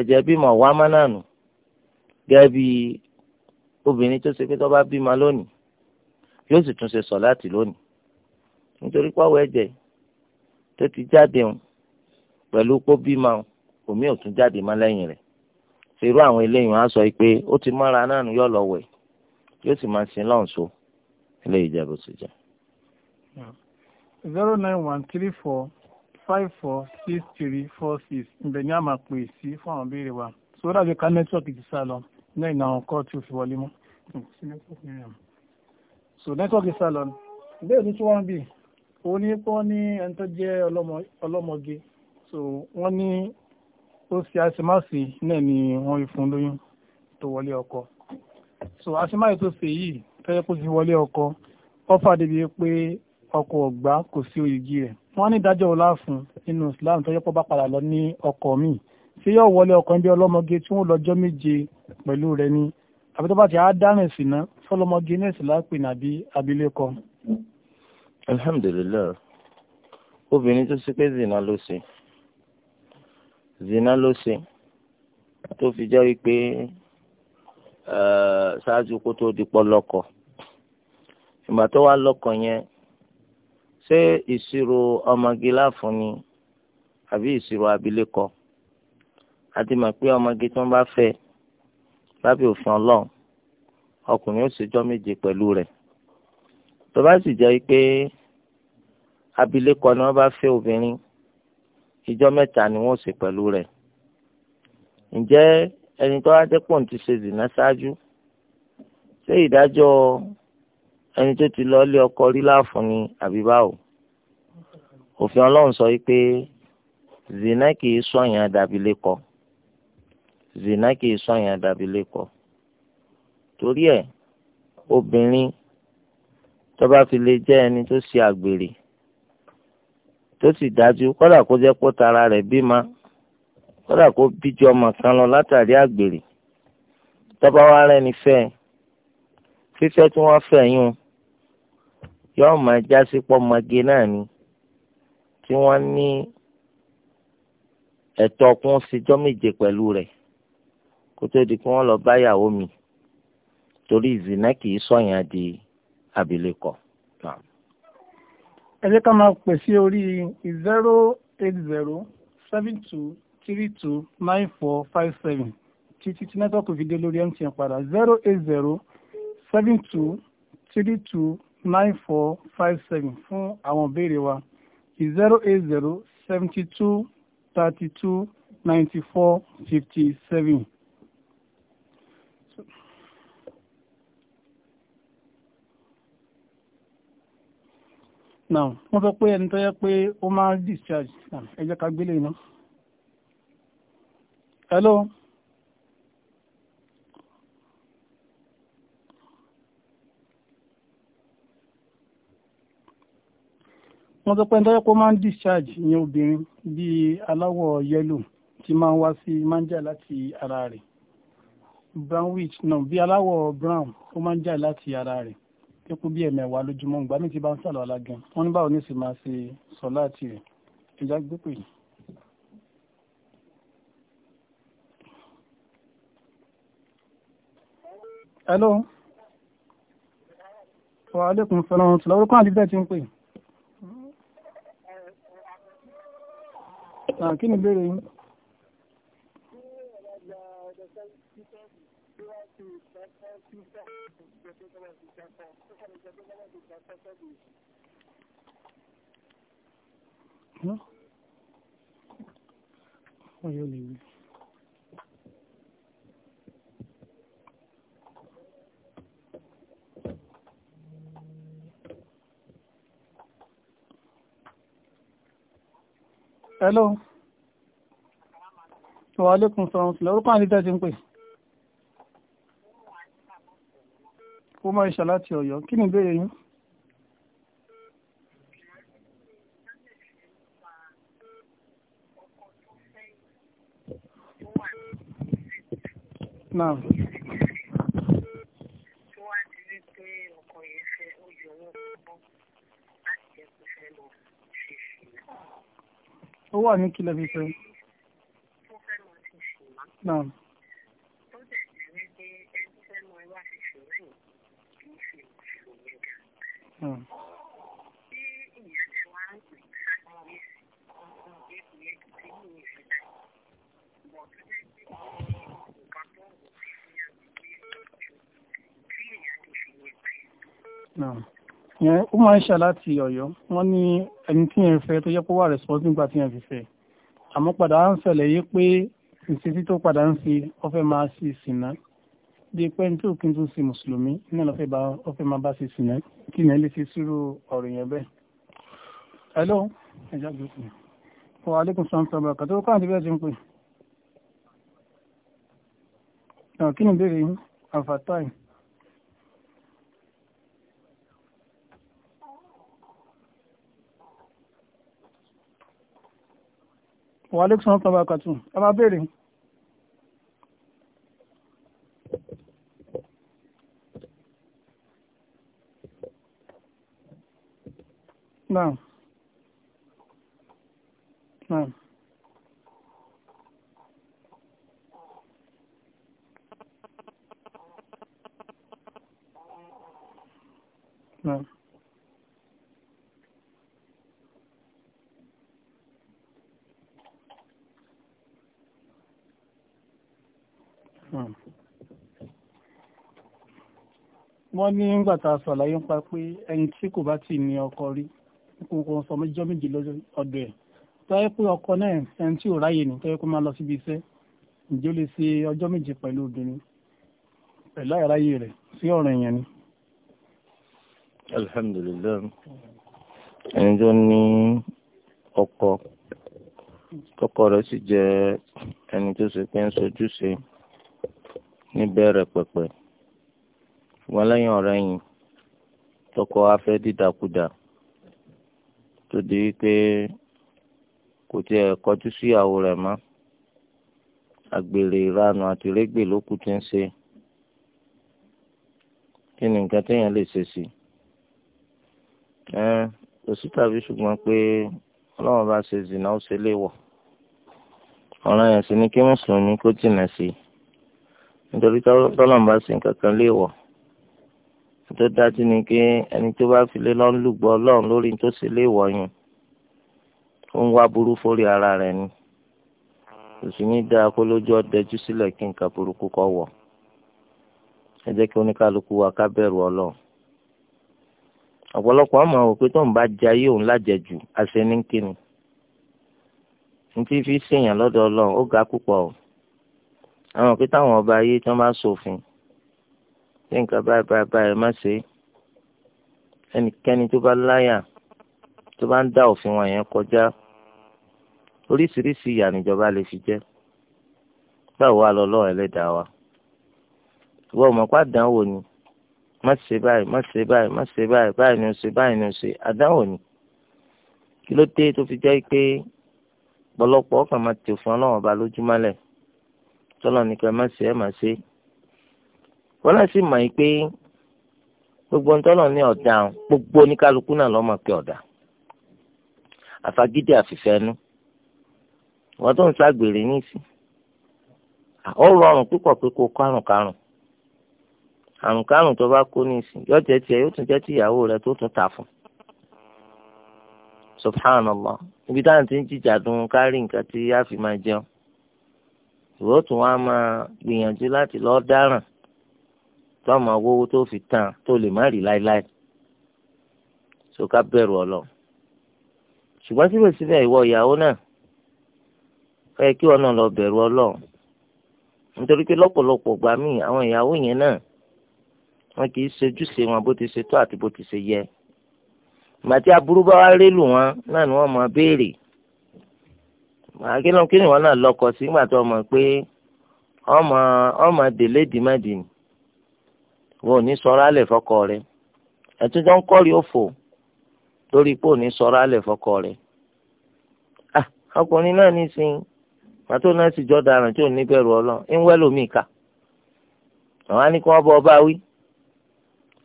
ẹ̀jẹ̀ bímọ wá mọ́ náà nù gẹ́gẹ́ bíi obìnrin tó ṣe pé tó bá bímọ lónìí yóò sì tún ṣe sọ láti lónìí nítorí pàwọ́ ẹ̀jẹ̀ tó ti jáde òun pẹ̀lú kó bímọ omi ò tún jáde mọ́ lẹ́yìn rẹ̀ ṣerú àwọn eléyìí wọn á sọ pé ó ti mọ́ra náà nù yọ̀ lọ́wọ́ ẹ̀ yóò sì máa sin lọ́hùn so eléyìí jẹ́ bó ṣe jẹ́. zero nine one three four five four six three four six ìbẹ̀ ni a máa pè sí fún àwọn ìbéèrè wa sórí àgbéká nẹ́tíwọ̀kì ti sá lọ lẹ́yìn àwọn kọ́ọ̀tù fi wọlé mọ́ so network salon bẹ́ẹ̀ ní tí wọ́n bì ó ní pọ́ ní ẹni tó jẹ́ ọlọ́mọge so wọ́n ní ó ṣe àṣemáṣe náà ni wọ́n fi fún lóyún tó wọlé ọkọ so àṣemáṣe tó ṣe yìí tẹ́lẹ̀ kó ti wọlé ọkọ ọfà débi pé ọkọ ọgbà kò sí oyìgì rẹ̀ wọ́n ní ìdájọ́ ọlá fún nínú Islam tó yẹ kó bá padà lọ ní ọkọ míì ṣé yóò wọlé ọkọ níbi ọlọ́mọge tí wọ́n lọ́jọ́ méje pẹ̀lú rẹ̀ ni àbí tó bá ti á dárìn sí ná fọlọmọ guinness lápè nàbí abilékọ. alhamdulilayi obìnrin tó ṣe pé zina ló ṣe zina ló ṣe tó fi jẹ́ wípé eh, ṣáájú kó tó di pọ́ lọ́kọ ìgbà tó wá lọ́kọ yẹn ṣé ìṣirò ọmọge láfún ni àbí ìṣirò abilékọ àti mọ̀ ọmọge tí wọ́n bá fẹ́ lábẹ́ òfin ọlọ́run ọkùnrin ó ṣèjọ́ méje pẹ̀lú rẹ̀ tó bá sì jẹ́ pé abilékọ ni wọ́n bá fẹ́ obìnrin ìjọ́ mẹ́ta ni wọ́n ṣe pẹ̀lú rẹ̀ ǹjẹ́ ẹni tó wá jẹ́ pọ̀ ti ṣe zìnà ṣáájú ṣé ìdájọ́ ẹni tó ti lọ lé ọkọ rí láàfún ni àbí báwo òfin ọlọ́run sọ wípé zìnà kì í sọ̀yàn dàbí lékọ̀ọ́ zina kì í sọyàn dàbí lẹkọ torí ẹ̀ obìnrin tó bá fi lè jẹ́ ẹni tó ṣe àgbèrè tó sì dájú kódà kó jẹ́ pọ tara rẹ̀ bímọ kódà kó bíjọ ọmọ kan lọ látàrí àgbèrè tó bá wá rẹ́ni fẹ́ fífẹ́ tí wọ́n fẹ́ yún yóò máa jásí pọmọge náà ni tí wọ́n ní ẹ̀tọ́ kún síjọ́ méje pẹ̀lú rẹ̀ kó tó di pé wọ́n lọ bá yàwó mi torí ìzìnà kì í sọ̀yàn di abilékọ. ẹ jẹ́ ká máa pè sí orí zero eight zero seven two three two nine four five seven títí tí nẹ́tọ́ọ̀kì fi dé lórí MTN padà zero eight zero seven two three two nine four five seven fún àwọn ìbéèrè wa zero eight zero seventy two thirty two ninety four fifty seven. now wọ́n sọ pé ẹni tó yẹ pé ó máa discharge ẹ jẹ́ iná. hello. wọ́n sọ pé ẹni tó yẹ pé ó máa discharge ìyẹn obìnrin bíi aláwọ̀ yẹ́lò tí máa ń wá sí máa ń jà láti ara rẹ̀ brown witch náà bíi aláwọ̀ brown ó máa ń jà láti ara rẹ̀ tó kú bí ẹ̀mẹ̀wá lójúmọ́ ìgbà mi ti bá ń sàlọ̀ alágan wọ́n ní báwo ní sì máa ṣe sọ láti rẹ̀ ìjà gbé pè yìí. Hello. Wa alaikum salam. Tí lọ́rọ̀ kan àdíbẹ̀ tí ń pè. Kí ni ìbéèrè yín? Oye, Olivia. Hello. Wa alaikum salaam. Lórúkọ àdítẹ́ ti ń pè. ó máa ń ṣe láti ọ̀yọ́ kí ni ìbéèrè yín. Now. Ó wà ní kílẹ̀ fífẹ́. Náà. Hmm. yẹn ó máa ń ṣe láti ọ̀yọ́ wọ́n ní ẹni tí yẹn fẹ́ tó yẹ kó wà responsible nígbà tí yẹn fi fẹ́ àmọ́ padà ń ṣẹlẹ̀ yé pé ìṣesí tó padà ń ṣe ọfẹ́ máa ṣe ìsìnà di pé ní tí òkè tó sì mùsùlùmí ní ọ̀fẹ́ bá ọ̀fẹ́ máa bá sí sinẹ kí ni lè fi sírú ọ̀rọ̀ yẹn bẹ́ẹ̀. hello ẹja gbèsè wa alaikum salam sábà kàtó kọ́ àti bẹ́ẹ̀ ti ń pè. kí ni ìbéèrè yín àfàtàì. wa alaikum salam sábà kàtó ẹ máa béèrè. náà náà. نعم wọ́n ní ń gbàtà sọ̀lá yín pa pé ẹni tí kò bá ti ní ọkọ rí kò sọ méjì méjì lọ́dọ̀ ẹ̀ tọ́yẹ́ pé ọkọ náà ẹni tí ò ráyè ní tọ́yẹ́ pé máa lọ síbi iṣẹ́ ǹjẹ́ ó lè ṣe ọjọ́ méje pẹ̀lú obìnrin pẹ̀lú àìráyè rẹ̀ sí ọ̀rọ̀ èèyàn ni. alhamdulilayi ẹni tó ní ọkọ tọkọ rẹ̀ sì jẹ ẹni tó ṣe pé ń ṣojúṣe níbẹ̀rẹ̀ pẹ̀pẹ̀ ṣùgbọ́n lẹ́yìn ọ̀rẹ́yìn tọkọ afẹ́ dídàkudà tó di wípé kò tiẹ̀ kọjú sí ìyàwó rẹ̀ mọ́ àgbèrè ìranu àti rẹ́gbè ló kù tí ń ṣe kí ni nǹkan téèyàn lè ṣe sí i kò sí tàbí ṣùgbọ́n pé ọlọ́run bá ṣe zìnà ó ṣe léèwọ̀ ọ̀ràn yẹn sì ni kí mùsùlùmí kó jìnà sí i nítorí tọ́lọ́run bá nǹkan kan léèwọ̀ tó dájú ni pé ẹni tó bá fi lé lọ́n lùgbọ́ ọlọ́run lórí tó ṣe lé wọ̀nyún ó ń wá burú fórí ara rẹ̀ ni kò sì ní dáa kó lójú ọdẹjú sílẹ̀ kí nǹkan burúkú kọ́ wọ̀ ẹ jẹ́ kí oníkálukú wa ká bẹ̀rù ọlọ́run ọ̀pọ̀lọpọ̀ àmọ́ àwọn òpin tó ń bá jẹ ayé òun lájẹjù àṣẹ ní kíni ní tí fi ṣèyàn lọ́dọ̀ ọlọ́run ó ga púpọ̀ o àwọn òpin táwọn ọba ayé tí wọ́n bá ṣòfin ṣé nǹkan báyìí báyìí báyìí má ṣe ẹnikẹ́ni tó bá láyà tó bá ń dá òfin wọn yẹn kọjá oríṣiríṣi ìyà níjọba lè fi jẹ báwo wà lọ́lọ́run ẹlẹ́dàá wa ìwọ ọmọ pa àdánwò ni má ṣe báyìí má ṣe báyìí má ṣe báyìí báyìí ni ó ṣe báyìí ni ó ṣe àdánwò ni kí ló dé tó fi jẹ́ pé pọ̀lọpọ̀ ọkàn máa tẹ̀ fún ọlọ́run ọba lójúmọ́lẹ̀ tọ́lọ́ ní má ṣe ẹ̀ má ṣe é. wọ́n náà sì mọ̀ pé gbogbo ntọ́nà ní ọ̀dà gbogbo oníkálukú náà lọ́mọ pé ọ̀dà àfagídí àfìfẹ́nu wọ́n tó ń ságbèrè níìsín ó rọrùn púpọ̀ pé kó àrùn karùn àrùn bá kó yóò jẹ́ tiẹ̀ yóò tún jẹ́ ti ìyàwó rẹ̀ tó tún ta fún ibi táwọn ń jìjà dùn kárí nǹkan tí a tó àmọ́ owó tó fi tán tó lè má rí láéláé so ká bẹ̀rù ọlọ ṣùgbọ́n síbẹ̀síbẹ̀ ìwọ ìyàwó náà fẹ́ kí wọn náà lọ bẹ̀rù ọlọ nítorí pé lọ́pọ̀lọpọ̀ gbà mí àwọn ìyàwó yẹn náà wọn kì í ṣojúṣe wọn bó ti ṣe tó àti bó ti ṣe yẹ màtí aburú bá wá rélù wọn náà ni wọn máa béèrè màákínà kí ni wọn náà lọkọ sí gbàtọ mọ pé ọmọ ọmọ délé dìmọdì wọn ò ní sọ̀rọ̀ alẹ̀ fọkọ rẹ̀ ẹ̀túnjọ́ ń kọ́rí òfò lórí pé ò ní sọ̀rọ̀ alẹ̀ fọkọ rẹ̀ ah, ọkùnrin náà sin pàtó náà sì jọ daràn tí ò ní bẹ̀rù ọlọ́run ń wẹ́ lómi ìka àwọn á kí wọ́n bọ ọba wí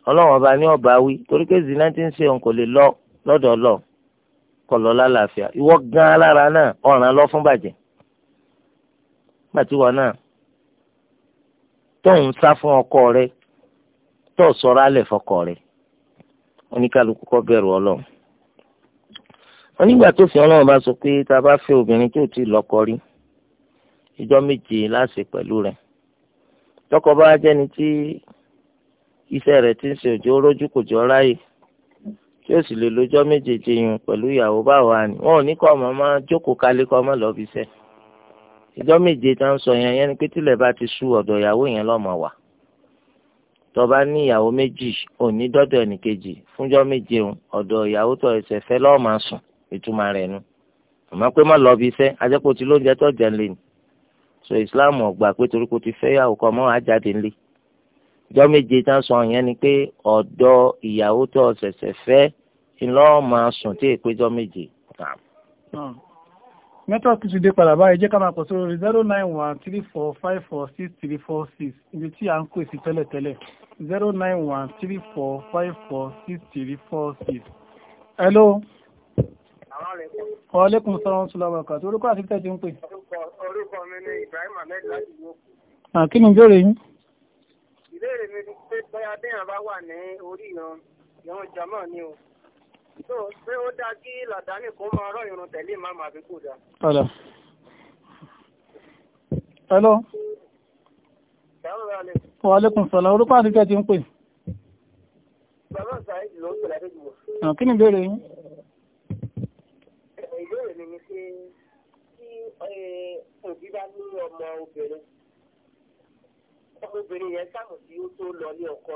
ọlọ́run ọba ní ọba wí torí pé zina ti ń ṣe òun kò lè lọ lọ́dọ̀ lọ kọ lọ lálàáfíà ìwọ gan alára náà ọ̀ràn lọ fún bàjẹ́ gbàtí wọn náà tóun sá fún ọkọ rẹ̀ tó sọ̀rọ̀ alẹ́ fọkọ rẹ̀ oníkálukú kọ́ bẹ̀rù ọlọ́run onígbà tó fi ọlọ́run bá sọ pé tá a bá fẹ́ obìnrin tó ti lọ́kọ rí ìjọ méje láṣẹ pẹ̀lú rẹ̀ tọkọ bá jẹ́ni tí iṣẹ́ rẹ̀ ti ń ṣe òjò rójú kò jọ ráyè tí ó sì lè lọ́jọ́ méjèèjì yùn pẹ̀lú ìyàwó báwa ni wọn ò ní kọ́ ọmọ máa jókòó kálé kọ́ ọmọ lọ́ọ́ fi ìjọ méje tá ń sọ yẹn yẹn ni pé tílẹ̀ bá ti sú ọ̀dọ̀ ìyàwó yẹn lọ́mọ wà tó bá ní ìyàwó méjì òní dọ́dọ̀ ẹnìkejì fúnjọ́ méje òun ọ̀dọ̀ ìyàwó tó ẹsẹ̀ fẹ́ lọ́ọ́ máa sùn ìtumọ̀ rẹ̀ nu àmọ́ pé má lọ bí iṣẹ́ ajẹ́pọ̀ tí lóúnjẹ tó jẹ́ ńlẹ̀ ni so Islam ọ̀gbà pé torí kò ti fẹ́ ìyàwó kan mọ́ àjáde ńlẹ̀ ìjọ́ méje tá a sọ yẹn ni pé ọ̀dọ̀ ìyàwó tó ṣẹ̀ṣẹ̀ fẹ́ ńlọ́ọ́ sùn tí èpéjọ́ méje nẹ́tíwọ́ọ̀kì ti dé padà báyìí jẹ́ ká máa pọ̀ sórí zero nine one three four five four six three four six ibi tí à ń pè sí tẹ́lẹ̀tẹ́lẹ̀ zero nine one three four five four six three four six. hello. wa alaikum salaam tó lọ́wọ́ ọ̀kà tó orúkọ àti tẹ́tí ń pè. orúkọ mi ni Ibrahim Ahmed láti yóò. kí ni ìbéèrè yín. ìbéèrè mi ni pé bóyá béèyàn bá wà ní orí ìran ìran jàmọ́ ni o so ṣé ó dáa kí làdáni kó máa rọ irun tẹ̀lé máa máa fi kú dá. hello. hello. wa aleykum salaam orúkọ àdìgẹ́ ti ń pè. bàbá sàáìdì ló ń pè ládé kí ni ìbéèrè yín. ìbéèrè mi ni pé tí òbí bá ní ọmọ obìnrin ọmọbìnrin yẹn sáàmù tí ó tó lọ ní ọkọ.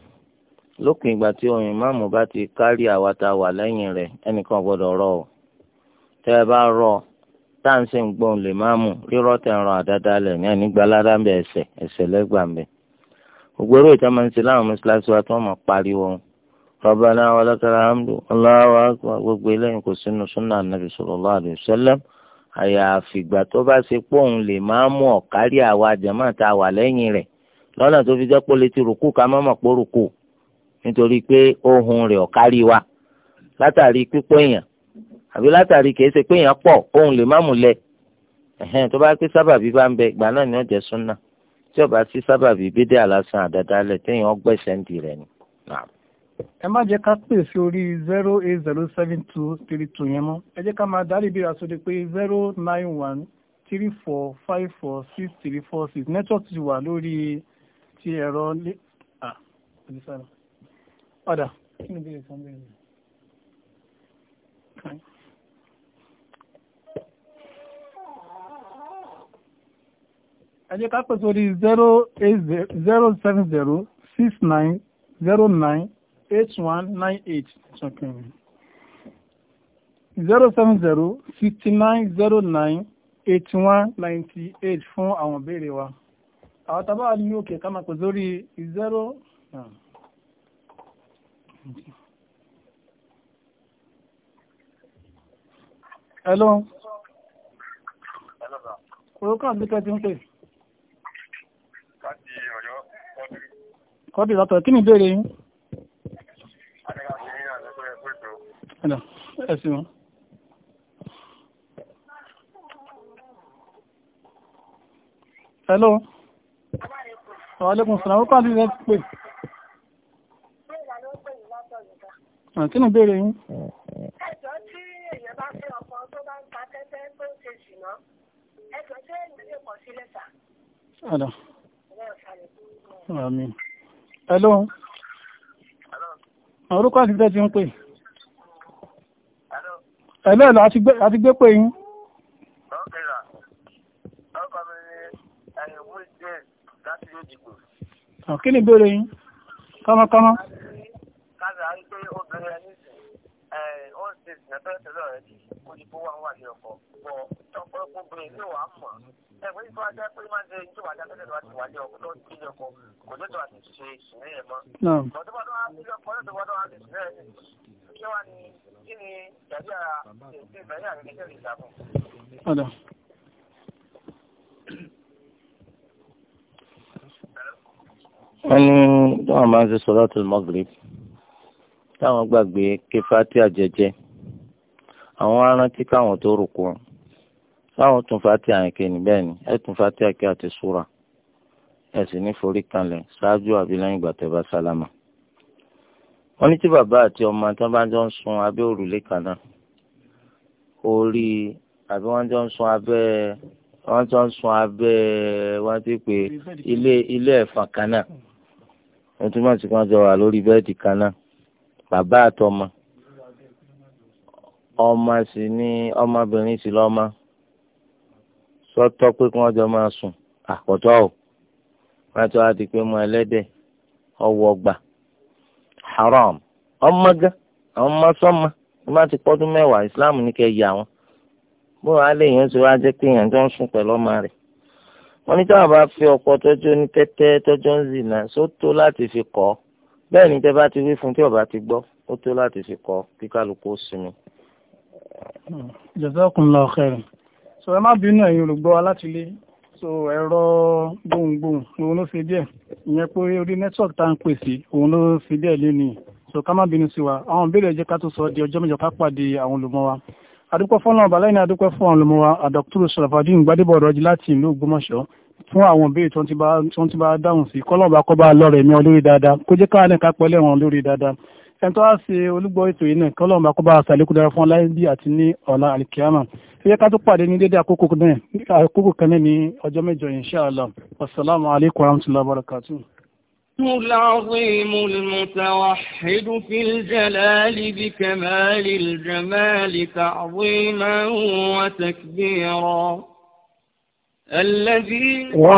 lópin ìgbà tí ohun ìmáàmù bá ti kárí àwa tá a wà lẹ́yìn rẹ̀ ẹnìkan gbọ́dọ̀ rọ o tẹ́ ẹ bá rọ táǹsì ń gbóhùn lè máàmù rírọ́ tẹ̀ ń rọ àdáda lẹ̀ ní ẹni gbalada ẹsẹ̀ ẹsẹ̀ lẹ́gbàá ń bẹ. ògbóró ìtọ́mọ̀ ní ti láwọn mọ́ṣáláṣí wa tí wọ́n mọ̀ pariwo Rabbana wa lakal hamdu Allahu akbar gbogbo eléyìí kò sínú súnà nàbì sallallahu alaihi wasallam àyàfi ìgbà tó bá ṣe pòun lè máàmù ọ̀kárí àwa jàmáà tá nítorí pé ohun rẹ̀ ọ̀kárí wa látàrí pípọ̀ èèyàn àbí látàrí kìí ṣe pé èèyàn pọ̀ ohun lè má múlẹ̀ ẹ̀hẹ́n tó bá pé sábàbí bá ń bẹ ìgbà náà ni ó jẹ́ súnà tí ó bá sí sábàbí bídé àlásán àdádálẹ̀ téèyàn gbẹ̀sẹ̀ ń di rẹ̀ ni. ẹ má jẹ́ ká pè sí orí zero eight zero seven two three two yẹn mọ́ ẹ jẹ́ ká máa dárí bí aṣọ́de pé zero nine one three four five four six three four six network ti wà lórí ti ẹ̀rọ. Ah, ọ̀dà kí ni bèrè kan bèrè ẹ jẹ́ ká pè sórí zero eight zero seven zero six nine zero nine eight one nine eight zero seven zero sixty nine zero nine eighty one ninety eight fún àwọn ìbéèrè wa àwọn tábà ní òkè ká máa pè sórí zero. Uh. Hello. Hello, sir. Orúkọ àbíkẹ́ ti ń pè. Láti Ọ̀yọ́, Kọ́dí. Kọ́dí látọ̀, kí ni ìbéèrè yín? Adéka ti ní àlẹ́kọ́ ẹ̀kọ́ ètò. Ẹ̀dà, ẹ̀sìn wọn. Hello. Wa alaikum salaam, orúkọ àbíkẹ́ ti pè. Ah, kí ni ìbéèrè yín. ẹjọ́ tí èèyàn bá fẹ́ ọkọ tó bá ń ta tẹ́tẹ́ tó ń ṣe ṣìnà ẹjọ́ tí èèyàn lè pọ̀ sílẹ̀ sà. ọ̀dà àmì hello orúkọ àti tẹ́tí ń pè. hello hello àti gbé pè yín. Ah, kí ni ìbéèrè yín? kámákámá rà ń pé obìnrin ẹni sìn ó ń ṣe ìsìn ẹ̀fẹ́ tẹ́lẹ̀ rẹ̀ kí òyìnbó wa wà ní ọkọ̀ bọ̀ tọ́pọ̀ obìnrin ní wàá mọ̀ ẹ̀fọ́ yìí tó pé máa ń ṣe ìjọba àjáfẹ́lẹ́ tó wá ti wà ní ọkọ̀ tó ń ní ọkọ̀ kò ní tó wá ti ṣe ìsìn rẹ̀ mọ́. bọ̀dọ̀ tó wọ́n ní wọ́n máa ń ṣe sọ́dọ̀ tó mọ́gìrì táwọn gbàgbé ké fatia jẹjẹ àwọn arántí káwọn tó rúkú táwọn tún fatia yẹn ké níbẹ̀ ni ẹ tún fatia ké àti súra ẹ sì ní forí kanlẹ̀ ṣáájú àbí lẹ́yìn ìgbà tẹ́ bá sálámà. wọ́n ní tí bàbá àti ọmọ tán bá jọ ń sun abẹ́ òrùlé kan orí àbí wọ́n jọ ń sun abẹ́ wọ́n jọ ń sun abẹ́ wọ́n ti pè ilé ilé ẹ̀fọn kan wọ́n túmọ̀ sí kí wọ́n jọ wà lórí bẹ́ẹ̀dì kan bàbá àtọmọ ọmọ sì ní ọmọbìnrin sì lọ́mọ sọ́tọ́ pé kí wọ́n jọ máa sùn àkọ́tọ́ ò wọ́n ti wá di pé mo ẹlẹ́dẹ̀ ọwọ́ gbà haram ọmọgá àwọn ọmọ sọ́mọ bí wọ́n ti pọ́dún mẹ́wàá islam ní kẹ́ yà wọ́n bó wàá lè yẹn ti wá jẹ́ pé èèyàn jọ ń sùn pẹ̀lú ọmọ rẹ̀ wọ́n ní táwọn bá fi ọkọ tọ́jú ní tẹ́tẹ́ tọ́jú ń zìnà sótó láti fi kọ́ ọ́ bẹ́ẹ̀ ni tẹ́ bá ti wí fún tí ọba ti gbọ́ ó tó láti fi kọ́ kí kálukú ó sinmi. jazakumullahu khairan so ẹ má bínú ẹ̀yin olùgbọ́ alátìlé so ẹ̀rọ gbohùngbohùn òun ló fi díẹ̀ ìyẹn pé orí network tá à ń pè òun ló fi díẹ̀ lónìí so ká má bínú sí wa àwọn ìbéèrè ẹ̀jẹ̀ ká tó sọ di ọjọ́ mẹ́jọ ká pàdé àwọn olùmọ̀ wa adúpẹ́ fọ́nà ọ̀bàlẹ́yìn adúpẹ́ fún àwọn olùmọ̀ wa àdọ́kítúrò sọ̀rọ̀fàdín fún àwọn òbí tó ń ti bá dáhùn sí kọ́lọ́ọ̀bá kọ́ bá lọ́rẹ̀ olórí dáadáa kó jẹ́ káà náà ká pẹ́lẹ́ wọn dáadáa ẹni tó wá ṣe olúgbọ́ ètò yìí náà kọ́lọ́ọ̀bá kọ́ bá dára fún aláì bí àti ní ọ̀la alikiyama ṣe yẹ ká tó pàdé ní dédé àkókò kan náà ní ọjọ́ mẹ́jọ inṣàlá wasalaamu alaykum wa rahmatulahi barakatu. العظيم المتوحد في الجلال بكمال الجمال تعظيما وتكبيرا الذي قالوا